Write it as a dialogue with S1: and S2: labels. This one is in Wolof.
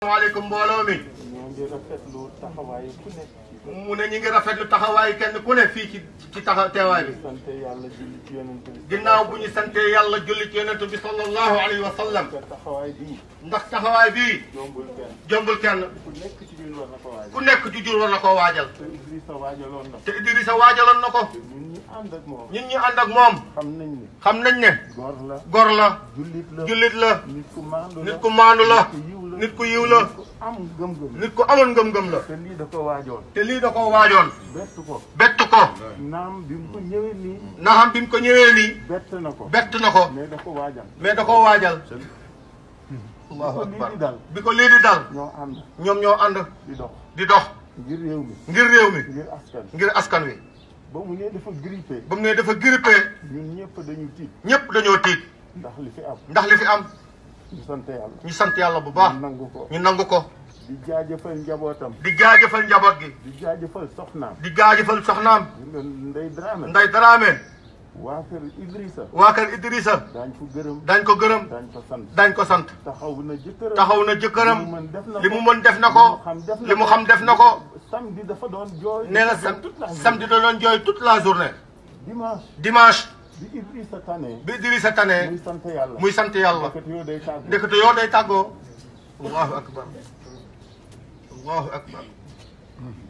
S1: asalaamaaleykum mbooloo mi. ñoo ngi rafetlu taxawaayu ku ne. mu ne ñu ngi rafetlu taxawaayu kenn ku ne fii ci ci taxaw teewaay bi. ginnaaw bu ñu sante yàlla julli ci yonent bi sallallahu alayhi wa sallam. ndax taxawaay bii. ndax taxawaay bii. jombul kenn jombul kenn. ku nekk ci na ko waajal. ku nekk ci jur war na ko waajal. te Idrissa waajaloon na. te Idrissa waajaloon na ko. ñun ñu ànd ak moom. ñun ñu ànd ak moom. xam nañ ne. xam nañ ne. gor la la. jullit la nit ku maandu la. nit ku yiw la. nit ku am gëm-gëm. amoon gëm-gëm la. te lii da ko waajoon. te lii da ko waajoon. bett ko bett ko. naam bi mu ko ñëwee nii. naam bi mu ko ñëwee nii. bett na ko bett na ko. mais da ko waajal. mais da ko waajal. allahu bi ko lii di dal. ñoo ñoom ñoo ànd. di dox di dox. ngir réew mi. ngir réew mi. ngir askan wi ngir askan wi. ba mu ne dafa grippé. ba mu ne dafa grippé. ñun ñëpp dañu tiit. ñëpp dañoo tiit. ndax li fi am. ndax li fi am. ñu sant yàlla ñu sant yàlla bu baax ñu nangu ko ñu nangu ko. di jaajëfal njabootam. di jaajëfal njaboot gi. di jaajëfal soxnaam. di jaajëfal soxnaam. Ndeye Dramé Ndeye Dramé. waa kër Idrissa. waa kër Idrissa. daañ ko gërëm daañ ko gërëm. daañ ko sant daañ ko sant. taxaw na jëkkëram taxaw na jëkkëram. li mu mën def na ko li mu xam def na ko. samedi dafa doon jooy. nee na samedi da doon jooy toute la journée. dimanche dimanche. bi Idrissa tane. bi Idrissa tane. muy sant yàlla muy sant yàlla. ndekete yoo day tàggoo ndekete yoo day tàggoo. allahu akbar allahu akbar